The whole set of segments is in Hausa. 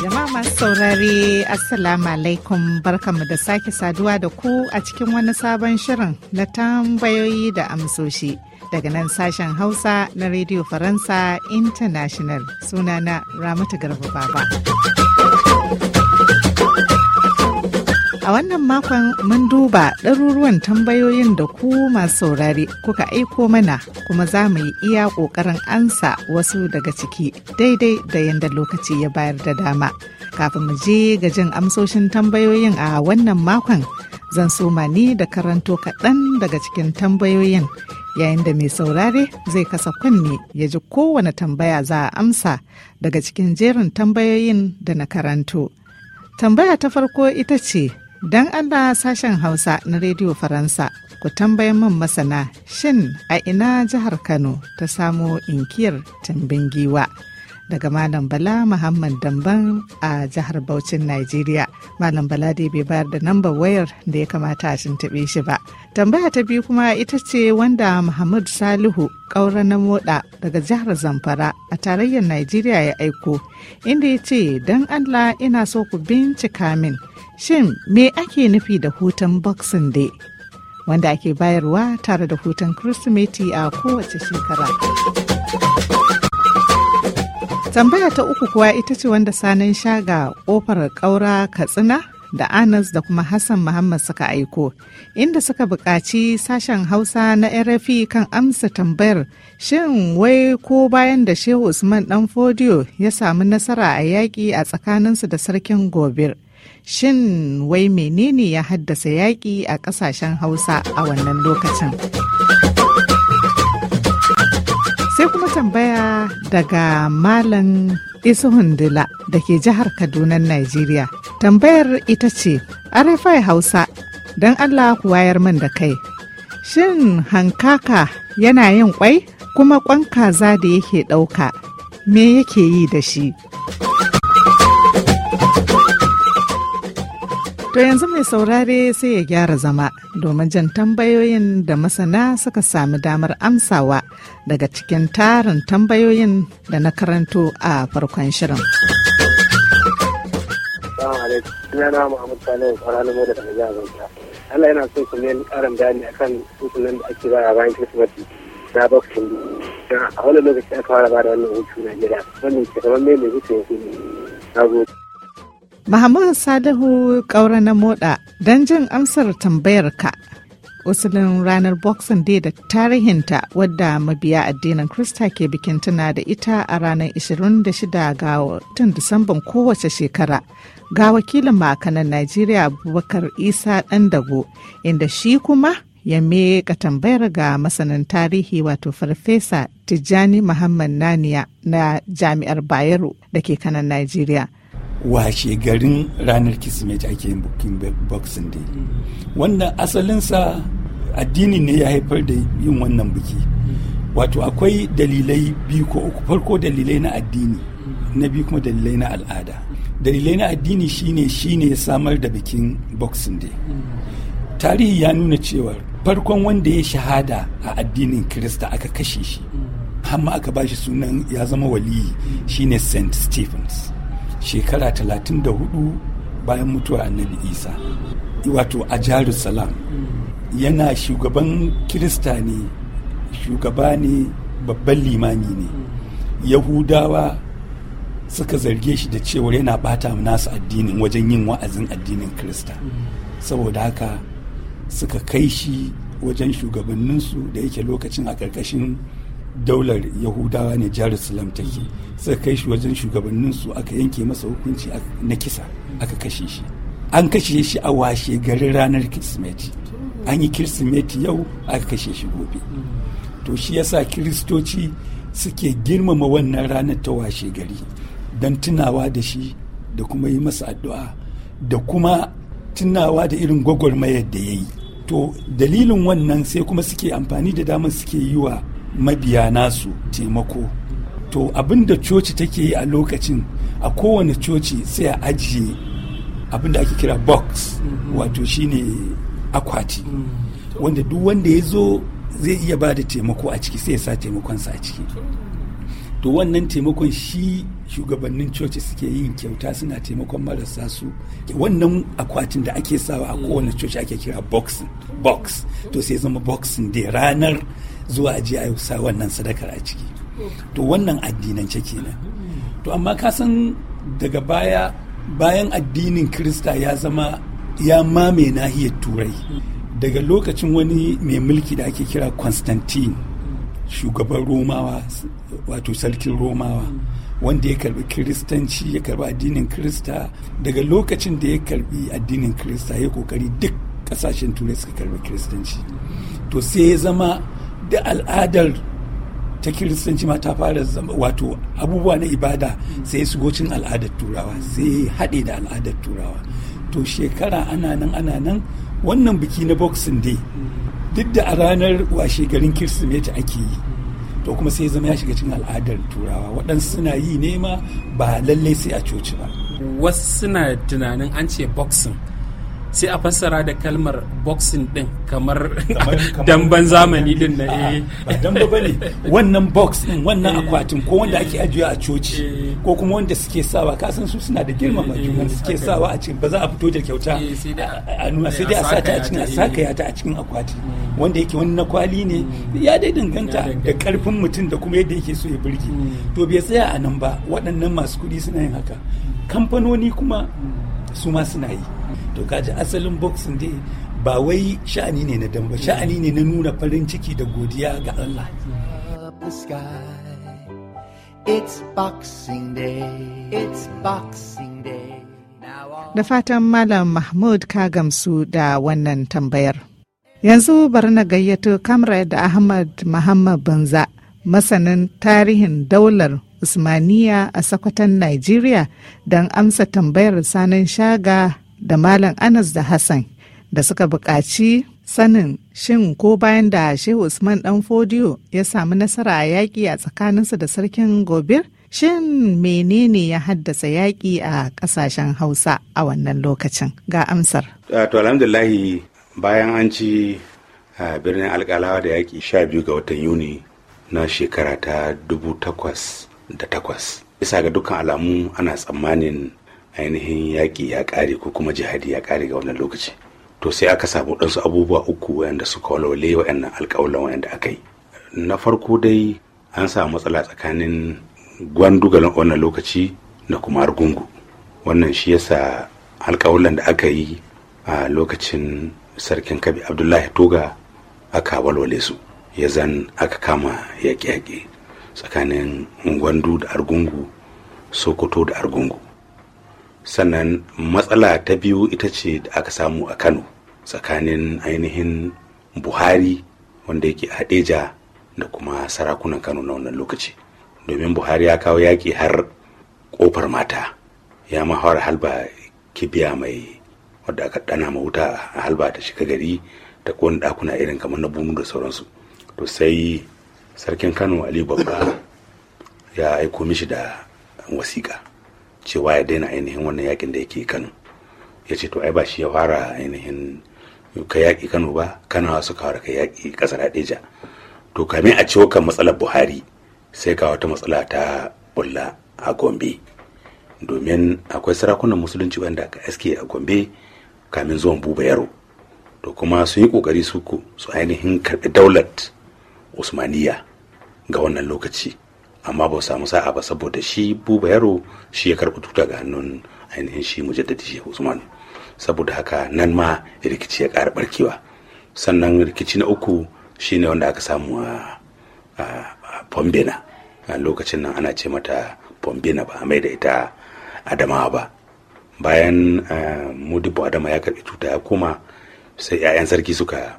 Jama'a masu saurare Assalamu alaikum barkanmu da sake saduwa da ku a cikin wani sabon shirin na tambayoyi da amsoshi. Daga nan sashen Hausa na Radio Faransa International sunana Ramatu Garba Baba. A wannan makon mun duba ɗaruruwan tambayoyin da ku masu saurare kuka aiko mana kuma za mu yi iya ƙoƙarin ansa wasu daga ciki daidai da yadda lokaci ya bayar da dama. Kafin mu je ga jin amsoshin tambayoyin a wannan makon zan so ma ni da karanto kaɗan daga cikin tambayoyin yayin da mai saurare zai kasa kunne ya ji kowane tambaya za a amsa daga cikin jerin tambayoyin da na karanto. Tambaya ta farko ita ce, Don Allah sashen Hausa na Rediyo Faransa ku tambayan min masana shin a ina jihar Kano ta samo inkiyar tambin giwa daga Malam Bala Muhammad Damban a jihar Bauchin Najeriya. Malam Bala dai bai bayar da namba wayar da ya kamata a tuntuɓe shi ba. Tambaya ta biyu kuma ita ce wanda Muhammad Salihu ƙaura na moda daga jihar Zamfara a tarayyar Najeriya ya aiko inda ya ce don Allah ina so ku bincika min. Shin me ake nufi da hutun Boxing Day wanda ake bayarwa tare da hutun Kirsimeti a kowace shekara? Tambaya ta uku kuwa ita ce wanda sanin shaga kofar kaura Katsina da Anas da kuma Hassan Muhammad suka aiko, inda suka buƙaci sashen Hausa na RFI kan amsa tambayar shin wai ko bayan da Shehu Usman ɗan Fodiyo ya samu nasara a yaƙi a tsakaninsu da sarkin Gobir. Shin wai menene ya haddasa yaƙi a ƙasashen Hausa a wannan lokacin? Sai kuma tambaya daga Malam Isu Dila da ke jihar Kaduna, Najeriya. Tambayar ita ce, RFI Hausa, don Allah ku wayar man da kai. Shin hankaka yana yin kwai kuma kwan kaza da yake ɗauka, me yake yi da shi? To yanzu mai saurare sai ya gyara zama domin jan tambayoyin da masana suka sami damar amsawa daga cikin tarin tambayoyin da na karanto a farkon shirin. sunana Muhammad Salihu Kwararru mai da Kanaja Zanka. Allah yana son su ne karin bayani akan hutunan da ake bayar bayan Kirsimeti na Boxing Day. A wani lokaci aka fara ba da wannan hutu Najeriya. Wannan ke kamar mai mai hutu ya fi na gode. Muhammadu Salihu ƙaura na moda don jin amsar tambayar ka. Usulin ranar Boxing Day da tarihinta wadda mabiya addinin Krista ke bikin tuna da ita a ranar 26 ga watan Disamban kowace shekara. Ga wakilin makanan Najeriya Abubakar Isa Dago inda shi kuma ya meka tambayar ga masanin tarihi wato Farfesa Tijjani Muhammad Naniya na Jami'ar Bayero da ke kanan Najeriya. washe garin ranar kisimeti ake yin bukin boxing day wannan asalinsa addini ne ya haifar da yin wannan biki wato akwai dalilai biyu ko uku farko dalilai na addini na biyu kuma dalilai na al'ada dalilai na addini shine shine samar da bikin boxing day tarihi ya nuna cewa farkon wanda ya shahada a addinin kirista aka kashe shi amma aka bashi sunan ya zama waliyi shine st stephens shekara 34 bayan mutuwar annabi isa wato a jerusalem yana shugaban kirista ne shugaba ne babban limani ne yahudawa suka zarge shi da cewar yana bata nasu addinin wajen yin wa'azin addinin kirista saboda haka suka kai shi wajen shugabanninsu da yake lokacin a ƙarƙashin daular yahudawa ne jerusalem take suka kai shi wajen shugabannin su aka yanke masa hukunci na kisa aka kashe shi an kashe shi a washe garin ranar kirsimeti an yi kirsimeti yau aka kashe shi gobe to shi yasa kiristoci suke girmama wannan ranar ta washe gari don tunawa da shi da kuma yi masa addu'a da kuma tunawa da irin gwagwarmayar da ya yi to dalilin wannan sai kuma suke amfani da damar suke yi wa mabiya nasu taimako to abinda coci take yi a lokacin a kowane coci sai a ajiye abinda da ake kira box mhm. wato shine akwati mm. wanda duk wanda ya zo zai iya ba da taimako a ciki sai ya sa taimakonsa a ciki to wannan taimakon shi shugabannin coci suke yin kyauta suna taimakon marasa su wannan akwatin da ake sawa a kowane mm. coci ake kira box box to sai zama boxing da ranar zuwa je a sa wannan sadakar a ciki to wannan addinance kenan to amma ka san daga baya bayan addinin kirista ya zama ya mame nahiyar turai daga lokacin wani mai mulki da ake kira constantine shugaban romawa wato sarkin romawa wanda ya karbi kiristanci ya karbi addinin kirista daga lokacin da ya karbi addinin kirista ya kokari duk kasashen turai suka karbi kiristanci to sai ya zama da al'adar ta kiristanci ma ta fara zama wato abubuwa na ibada sai su gocin al'adar turawa sai haɗe da al'adar turawa to shekara ana nan ana nan wannan biki na boxing day duk da a ranar washe garin kirsimeti ake yi to kuma sai zama ya shiga cikin al'adar turawa waɗansu suna yi nema ba lallai sai a coci ba wasu suna tunanin an ce boxing sai a fassara da kalmar boxing din kamar damban zamani din na eh damba bane wannan box din wannan eh. akwatin ko wanda ake ajiya a coci eh. ko kuma wanda suke sawa ka san su suna da girmama eh, juna suke sawa a cikin ba za a fito da kyauta a nuna sai dai a sata a cikin a saka ya ta a cikin akwati mm. wanda yake wani na kwali ne mm. ya dai danganta da karfin mutum da kuma yadda yake so ya burge mm. to bai tsaya a nan ba waɗannan masu kuɗi suna yin haka kamfanoni kuma su ma suna yi to kaji asalin boxing dai ba wai sha'ani ne na damba sha'ani ne na nuna farin ciki da godiya ga Allah Da fatan Malam Mahmud ka gamsu da wannan tambayar. Yanzu bari na gayyato Kamra da Ahmad Muhammad Banza, masanin tarihin daular Usmaniya a Sakwatan Najeriya don amsa tambayar sanin shaga da Malam Anas da Hassan da suka buƙaci sanin shin ko bayan da Shehu Usman ɗan Fodiyo ya samu nasara a yaƙi a tsakaninsa da sarkin Gobir? Shin menene ya haddasa yaƙi a ƙasashen Hausa a wannan lokacin? Ga amsar. Uh, to alhamdulahi bayan an ci uh, birnin alƙalawa da yaƙi sha biyu ga watan Yuni na shekara ta dubu takwas da takwas. Bisa ga dukkan alamu ana tsammanin ainihin yaƙi ya ƙare ko kuma jihadi ya ƙare ga wannan lokaci to sai aka samu ɗansu abubuwa uku wayanda suka walwale wayannan alƙawalan wayanda aka yi na farko dai an samu matsala tsakanin gwandugalin wannan lokaci da kuma argungu wannan shi yasa alƙawalan da aka yi a lokacin sarkin kabi abdullahi toga aka walwale su ya zan aka kama yaƙe-yaƙe tsakanin gwandu da argungu sokoto da argungu sannan matsala ta biyu ita ce da aka samu a kano tsakanin ainihin buhari wanda yake hadeja da kuma sarakunan kano na wannan lokaci domin buhari ya kawo yaƙi har ƙofar mata ya mahawar halba kibiya mai wadda aka dana ma wuta a halba ta shiga gari ta kone ɗakuna irin kamar na bunu da sauransu to sai sarkin kano ali babba ya aiko mishi da wasiƙa cewa ya daina ainihin wannan yakin da yake kano ya ce to ai ba shi ya fara ainihin ka yaki kano ba kana suka fara ka yaƙi ƙasar hadeja to kamin a ciwo kan matsalar buhari sai ga wata matsala ta bulla a gombe domin akwai sarakunan musulunci wanda ka aske a gombe kamin zuwan buba yaro to kuma sun yi ƙoƙari su su ainihin karɓi daular usmaniya ga wannan lokaci amma ba samu sa'a ba saboda shi buba yaro shi ya karɓi tuta ga hannun ainihin shi jaddadi shi usman saboda haka nan ma rikici ya ƙara barkewa sannan rikici na uku shine wanda aka samu a fombena a lokacin nan ana ce mata fombena ba a mai da ita adamawa ba bayan eh, mudibu adama ya karɓi tuta ya koma sai 'ya'yan sarki suka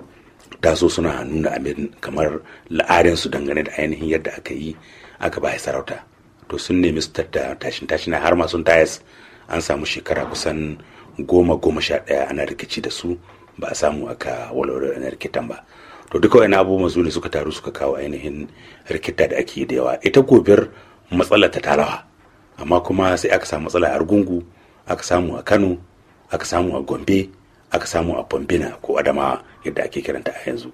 taso suna nuna abin kamar la'arinsu dangane da ainihin yadda aka yi aka ba sarauta to sun nemi su tatta tashin tashin har ma sun tayas an samu shekara kusan goma goma sha ɗaya ana rikici da su ba a samu aka walwalar na rikitan ba to duka wani abubuwan su ne suka taru suka kawo ainihin rikita da ake da yawa ita gobiyar matsalar ta talawa amma kuma sai aka samu matsala a argungu aka samu a kano aka samu a gombe aka samu a bambina ko adamawa yadda ake kiranta a yanzu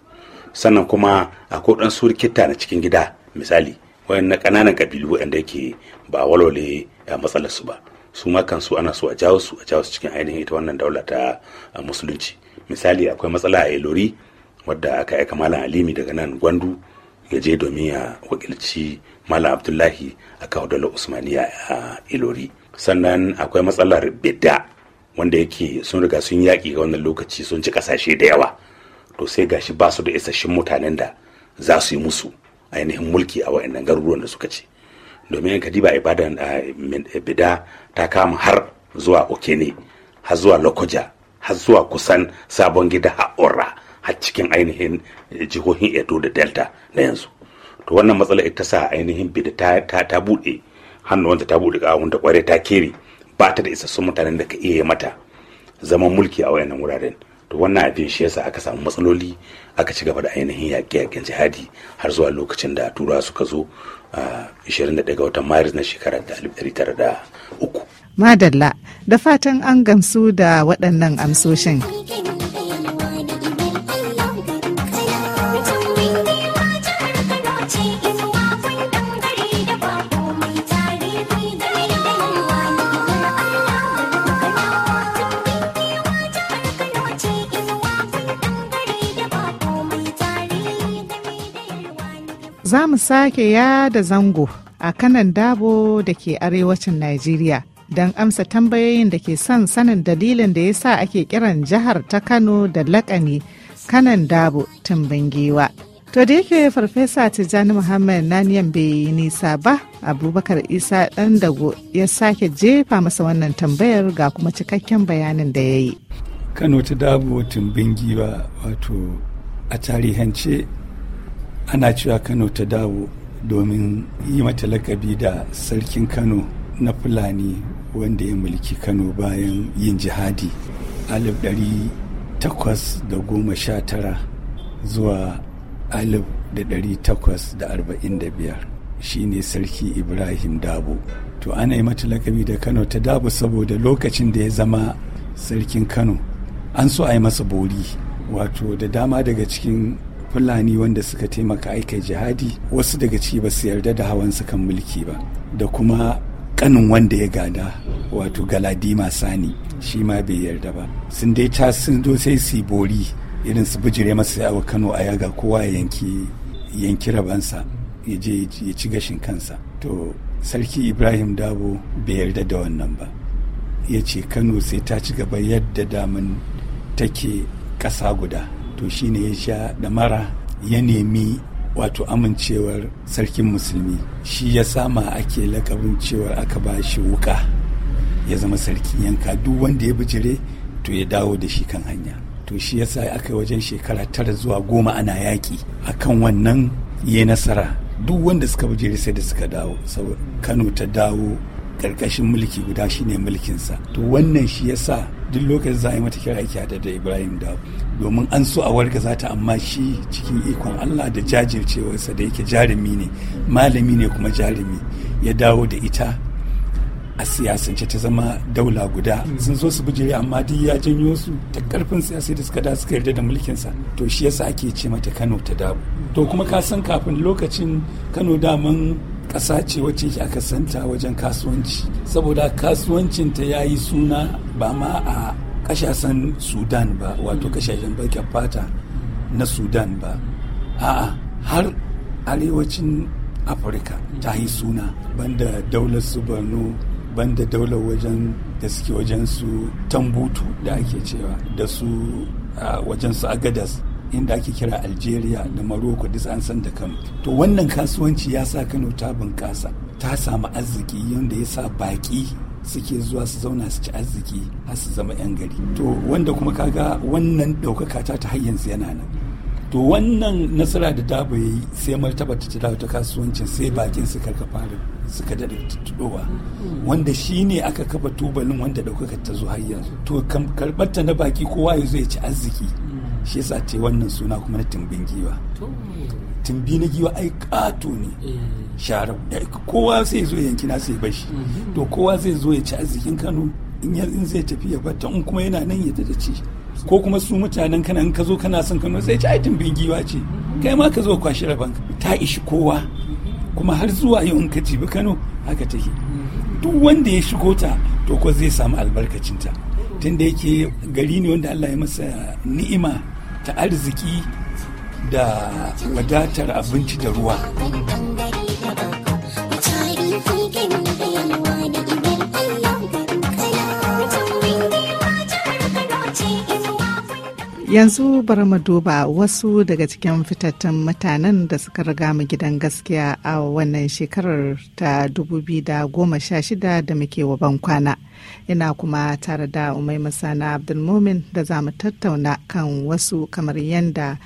sannan kuma akwai ɗan su rikita na cikin gida misali Wayan na kananan kabilu wanda yake ba a walwale a eh, matsalar su ba su ma kansu ana so a jawo su a jawo su cikin ainihin ita wannan daula ta eh, musulunci misali akwai matsala a ilori wadda aka aika malam alimi daga nan gwandu ya je domin ya wakilci malam abdullahi a kawo usmaniya a ilori sannan akwai matsalar bidda wanda yake sun riga sun yaƙi ga wannan lokaci sun ci ƙasashe da yawa to sai gashi ba su da isasshen mutanen da za su yi musu ainihin mulki a wa'annan garuruwan da suka ce domin kadiba ibadan eh, bida ta kama har zuwa okene har zuwa lokoja har zuwa kusan sabon gida ora har cikin ainihin eh, jihohin edo da delta na yanzu to wannan matsala ita sa ainihin bida ta ta buɗe hannuwanta ta bude kawun ta kware ta kere ba ta da isassun mutanen da ka iya mata zaman mulki a wayannan wuraren to wannan abin shi yasa aka samu matsaloli aka ci gaba da ainihin yaƙe-yaƙen jihadi har zuwa lokacin da turawa suka zo 21 ga watan maris na shekarar da 1903 madalla da fatan an gamsu da waɗannan amsoshin. mu sake ya da zango a kanan dabo da ke arewacin Najeriya. Don amsa tambayoyin da ke son sanin dalilin da ya sa ake kiran jihar ta Kano da lakani kanan dabo tun To da yake farfesa Tijjani Muhammad Naniyan bai nisa ba, Abubakar Isa ɗan dago ya sake jefa masa wannan tambayar ga kuma cikakken bayanin da ya yi. Kano ta dabo tumbin giwa wato a tarihance ana cewa kano ta dawo domin yi mata lakabi da sarkin kano na fulani wanda ya mulki kano bayan yin jihadi alif ɗari takwas da goma sha tara zuwa alif da ɗari takwas da arba'in da biyar shine sarki ibrahim dabo to ana yi mata lakabi da kano ta dabo saboda lokacin da ya zama sarkin kano an so a yi masa bori wato da dama daga cikin fulani wanda suka taimaka aika jihadi wasu daga ciki ba su yarda da hawan sukan mulki ba da kuma kanin wanda ya gada wato galadima sani shi ma bai yarda ba sun dai ta sun zo sai su bori irin su bijire masa yawa kano a yaga kowa ya yanki yanki rabansa ya je ya ci gashin kansa to sarki ibrahim dabo bai yarda da wannan ba ya ce kano sai ta ci gaba yadda damin take ƙasa guda shi shine ya sha da mara ya nemi wato amincewar sarkin musulmi shi ya sama ake lakabin cewar aka ba shi wuka ya zama sarki yanka duk wanda ya bijire to ya dawo da shi kan hanya to shi ya yasa aka yi wajen shekara tara zuwa goma ana yaƙi kan wannan ya nasara duk wanda suka bijire sai da suka dawo kano ta dawo ƙarƙashin mulki guda shine mulkinsa to wannan shi yasa duk lokacin za a yi mata kira ki da ibrahim da domin an so a warga za ta amma shi cikin ikon allah da jajircewarsa da yake jarumi ne malami ne kuma jarumi ya dawo da ita a siyasance ta zama daula guda sun so su bijiri amma duk ya janyo su ta karfin siyasa da suka da suka yarda da mulkinsa to shi yasa ake ce mata kano ta dawo. to kuma ka san kafin lokacin kano daman ƙasa ce wacce aka santa wajen kasuwanci saboda kasuwancinta ya yi suna ba ma a ƙasashen sudan ba wato ƙasashen barka fata na sudan ba a'a har arewacin afirka ta yi suna banda daular su borno banda daular wajen da suke wajen su tambutu da ake cewa da su wajen su agadas inda ake kira algeria da maroko duk an san da kano to wannan kasuwanci ya sa kano ta bunƙasa ta samu arziki yadda ya sa baƙi suke zuwa su zauna su ci arziki har su zama 'yan gari to wanda kuma kaga wannan ɗaukaka ta ta yanzu yana nan to wannan nasara da daba ya yi sai martaba ta dawo ta kasuwancin sai bakin suka ka fara suka da tudowa wanda shi ne aka kafa tubalin wanda ɗaukaka ta zo har yanzu to karɓar ta na baki kowa ya zo ya ci arziki shi yasa ce wannan suna kuma na tumbin giwa tumbi na giwa ai kato ne eh. sharau kowa sai zo yanki na sai bashi mhm. to kowa zai zo ya ci arzikin Kano in zai tafi ya bata in kuma yana nan ya tada ci ko kuma su mutanen kana in ka zo kana son Kano sai ci ai tumbin giwa ce mhm. kai ma ka zo kwashi rabanka ta ishi kowa mhm. kuma har zuwa yau in ka jibi Kano haka take duk wanda ya shigo ta to ko zai samu albarkacinta tunda yake gari ne wanda Allah ya masa ni'ima ta arziki da wadatar abinci da ruwa. yanzu bari mu duba wasu daga cikin fitattun mutanen da suka riga mu gidan gaskiya a wannan shekarar ta 2016 da muke wa kwana, ina kuma tare da umai masana abdulmumin da za mu tattauna kan wasu kamar yadda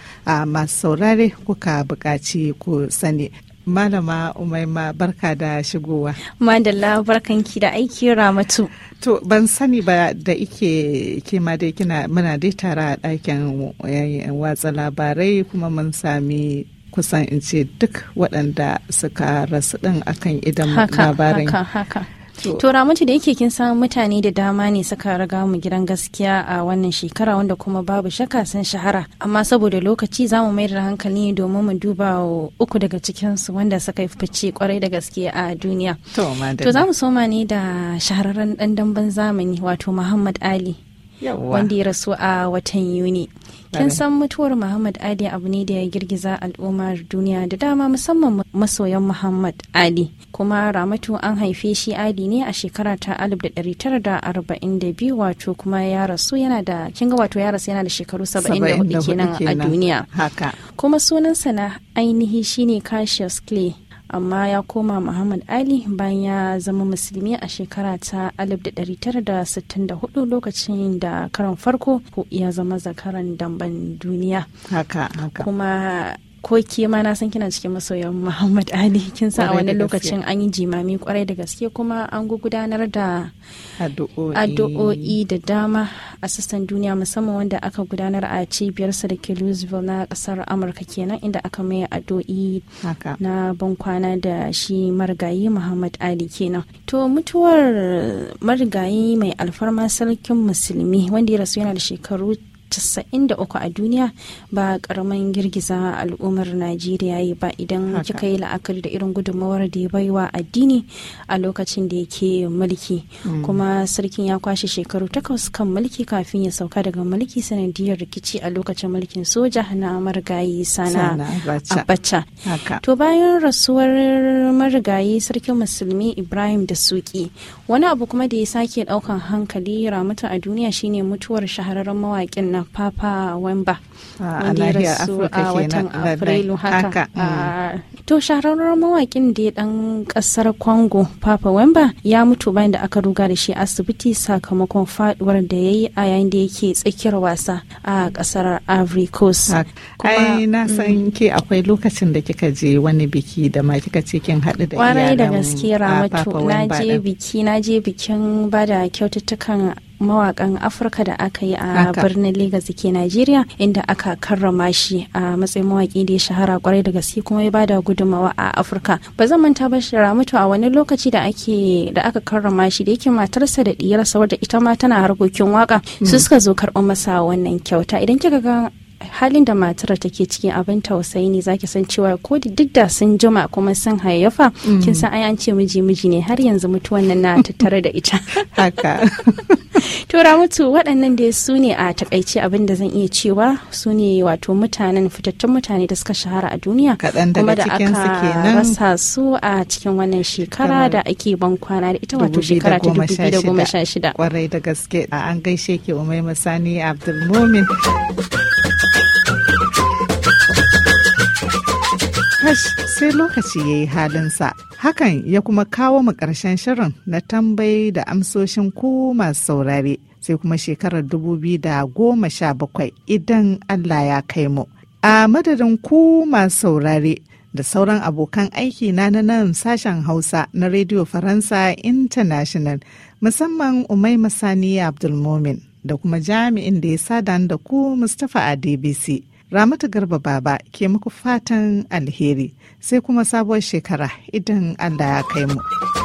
masu saurare kuka bukaci ku sani Malama Umaima barka da shigowa. Madalla barkan ki da aiki ramatu. To ban sani ba da ike ke ma dai kina muna dai tara a ɗakin eh, watsa labarai kuma mun sami kusan in ce duk waɗanda suka rasu ɗin akan idan labarin. haka, haka. to ramatu da yake kin san mutane da dama ne suka raga mu gidan gaskiya a wannan shekara wanda kuma babu shaka sun shahara amma saboda lokaci za mu mayar da hankali domin mu duba uku daga cikin su wanda suka yi fice kwarai da gaske a duniya to za mu soma ne da shahararren dan damben zamani wato muhammad ali wanda ya rasu a watan yuni kin san mutuwar muhammad Ali abu ne da ya girgiza al'ummar duniya da dama musamman masoyan muhammad Ali. kuma ramatu an haife shi Ali ne a shekara ta 1942 wato kuma ya rasu yana da kinga wato ya rasu yana da shekaru 74 kenan a duniya kuma sunansa na ainihi shine cassius clay amma ya koma muhammad ali bayan ya zama musulmi a shekara ta 1964 lokacin da karon farko ko ya zama zakaran damben duniya haka, haka. kuma ko ke ma na san kina cikin masoyan Muhammad Ali kin san a wani lokacin an yi jimami kwarai da gaske kuma an gudanar da addu'o'i da dama a sassan duniya musamman wanda aka gudanar a cibiyar sa da ke Louisville na kasar Amurka kenan inda aka mai addu'o'i na bankwana da shi marigayi Muhammad Ali kenan to mutuwar marigayi mai alfarma sarkin musulmi wanda ya rasu yana da shekaru 93 a duniya ba karamin girgiza al'ummar najeriya yi ba idan kika yi la'akari da irin gudunmawar da ya baiwa addini a lokacin da yake mulki mm. kuma sarkin ya kwashe shekaru takwas kan mulki kafin ya sauka daga mulki sanadiyar rikici a lokacin mulkin soja na marigayi sana abacha to bayan rasuwar marigayi sarkin musulmi ibrahim da suki wani abu kuma da ya sake daukan hankali ramuta a duniya shine mutuwar shahararren mawaƙin wannan papa wemba wanda ya rasu a watan afrilu haka mm. to shahararren mawakin da ya dan kasar congo papa wemba ya mutu bayan da aka ruga da shi asibiti sakamakon faduwar da ya yi a yayin da yake tsakiyar wasa a kasar ivory coast ai na mm. san ke akwai lokacin da kika je wani biki da ma kika ce kin haɗu da iyalan da gaske ramatu na je biki na je bikin bada kyaututtukan mawakan afirka da aka yi a birnin legas da ke najeriya inda aka karrama shi a matsayin mawaki da ya shahara kwarai da gaske kuma ya bada gudunmawa a afirka ba zan manta ba shira mutu a wani lokaci da ake da aka karrama shi da yake matarsa da diyarsa wadda ita ma tana harkokin waka su hmm. suka zo karɓar masa wannan kyauta idan kika ga halin da matar take cikin abin tausayi ne zaki san cewa ko duk da sun jima kuma sun hayayyafa hmm. kin san ai an ce miji miji ne har yanzu mutuwan nan na tattare da ita haka tura mutu waɗannan da su ne a takaice abin da zan iya cewa su ne wato mutanen fitattun mutane da suka shahara a duniya kuma da aka rasa su a cikin wannan shekara da ake ban kwana da ita wato shekara ta 2016 kwarai da gaske an gaishe ke umai masani abdulmumin kash sai lokaci ya yi halinsa hakan ya kuma kawo mu ƙarshen shirin na tambayi da amsoshin ku masu saurare sai kuma shekarar 2017 idan Allah ya kai mu. A madadin ku masu saurare da sauran abokan aiki na nan sashen Hausa na Radio Faransa International musamman Umai Masani Abdulmomin da kuma jami'in da ya sadan da ku Mustapha a DBC. Ramatu Garba Baba ke muku fatan alheri sai kuma sabuwar shekara idan Allah ya kai mu.